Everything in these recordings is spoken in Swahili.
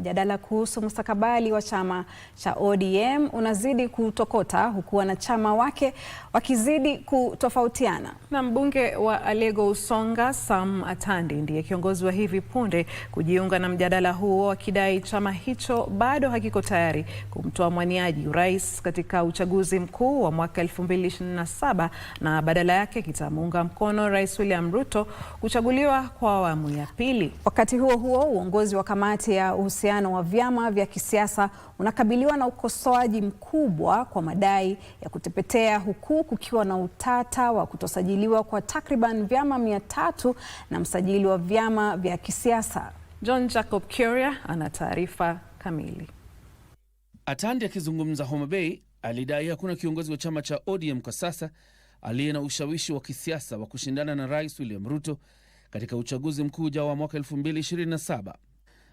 Mjadala kuhusu mustakabali wa chama cha ODM unazidi kutokota huku wanachama wake wakizidi kutofautiana. Na mbunge wa Alego Usonga Sam Atandi ndiye kiongozi wa hivi punde kujiunga na mjadala huo akidai chama hicho bado hakiko tayari kumtoa mwaniaji urais katika uchaguzi mkuu wa mwaka 2027 na badala yake kitamuunga mkono Rais William Ruto kuchaguliwa kwa awamu ya pili. Wakati huo huo, uongozi wa kamati ya uhusiano uhusiano wa vyama vya kisiasa unakabiliwa na ukosoaji mkubwa kwa madai ya kutepetea, huku kukiwa na utata wa kutosajiliwa kwa takriban vyama mia tatu na msajili wa vyama vya kisiasa. John Jacob Kuria ana taarifa kamili. Atandi akizungumza Homa Bay alidai hakuna kiongozi wa chama cha ODM kwa sasa aliye na ushawishi wa kisiasa wa kushindana na Rais William Ruto katika uchaguzi mkuu ujao wa mwaka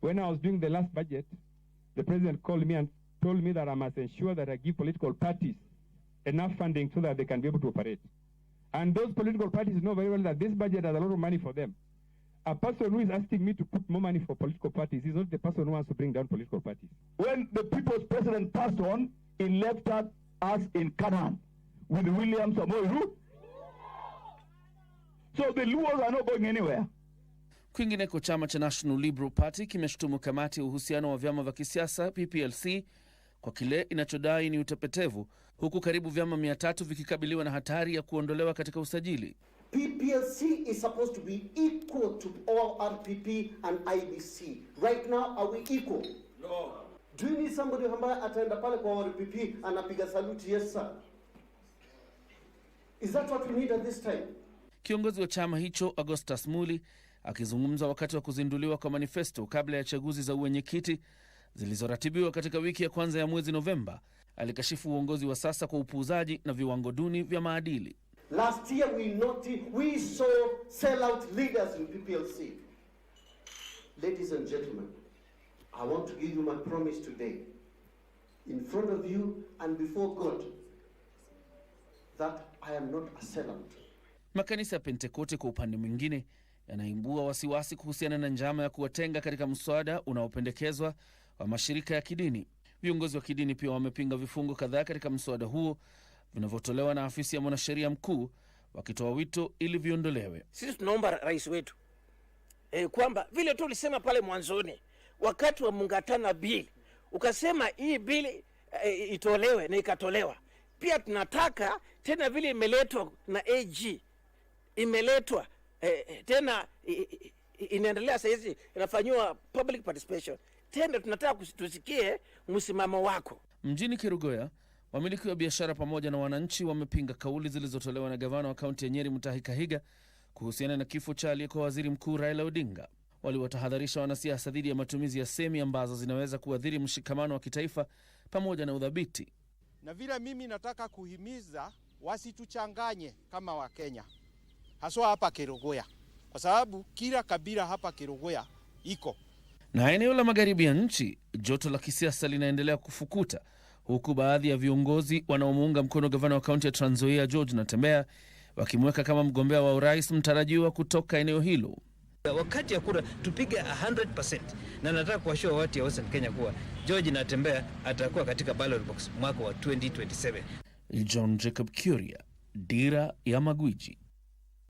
When I was doing the last budget, the president called me and told me that I must ensure that I give political parties enough funding so that they can be able to operate. And those political parties know very well that this budget has a lot of money for them. A person who is asking me to put more money for political parties is not the person who wants to bring down political parties. When the people's president passed on, he left us in Canaan with William Samoy. So the Luos are not going anywhere. Kwingineko, chama cha National Liberal Party kimeshutumu kamati ya uhusiano wa vyama vya kisiasa PPLC kwa kile inachodai ni utepetevu, huku karibu vyama 300 vikikabiliwa na hatari ya kuondolewa katika usajili. PPLC is supposed to be equal to all RPP and IBC. Right now, are we equal? No. Do you need somebody ambaye ataenda pale kwa RPP anapiga saluti, yes sir? Is that what we need at this time? Kiongozi wa chama hicho Augustus Muli Akizungumza wakati wa kuzinduliwa kwa manifesto kabla ya chaguzi za uwenyekiti zilizoratibiwa katika wiki ya kwanza ya mwezi Novemba, alikashifu uongozi wa sasa kwa upuuzaji na viwango duni vya maadili. Last year we noted, we saw sellout leaders in PPLC. Ladies and gentlemen, I want to give you my promise today in front of you and before God that I am not a sellout. Makanisa ya Pentekote kwa upande mwingine yanaibua wasiwasi kuhusiana na njama ya kuwatenga katika mswada unaopendekezwa wa mashirika ya kidini. Viongozi wa kidini pia wamepinga vifungu kadhaa katika mswada huo vinavyotolewa na afisi ya mwanasheria mkuu, wakitoa wito ili viondolewe. Sisi tunaomba rais wetu e, kwamba vile tu ulisema pale mwanzoni wakati wa mungatana bili ukasema hii bili e, eh, itolewe na ikatolewa. Pia tunataka tena vile imeletwa na AG imeletwa Eh, eh, tena inaendelea sahizi, inafanyiwa public participation tena, tunataka tusikie msimamo wako. Mjini Kerugoya, wamiliki wa biashara pamoja na wananchi wamepinga kauli zilizotolewa na gavana wa kaunti ya Nyeri mtahi Kahiga kuhusiana na kifo cha aliyekuwa waziri mkuu Raila Odinga. Waliwatahadharisha wanasiasa dhidi ya matumizi ya semi ambazo zinaweza kuathiri mshikamano wa kitaifa pamoja na udhabiti. Na vile mimi nataka kuhimiza wasituchanganye kama Wakenya haswa hapa Kerogoya, kwa sababu kila kabila hapa Kerogoya iko na. Eneo la magharibi ya nchi, joto la kisiasa linaendelea kufukuta huku baadhi ya viongozi wanaomuunga mkono gavana wa kaunti ya Trans Nzoia George Natembeya wakimweka kama mgombea wa urais mtarajiwa kutoka eneo hilo. Wakati ya kura tupige 100% na nataka kuwashua watu ya Western Kenya kuwa George Natembeya atakuwa katika ballot box mwaka wa 2027. John Jacob Kuria, Dira ya Magwiji.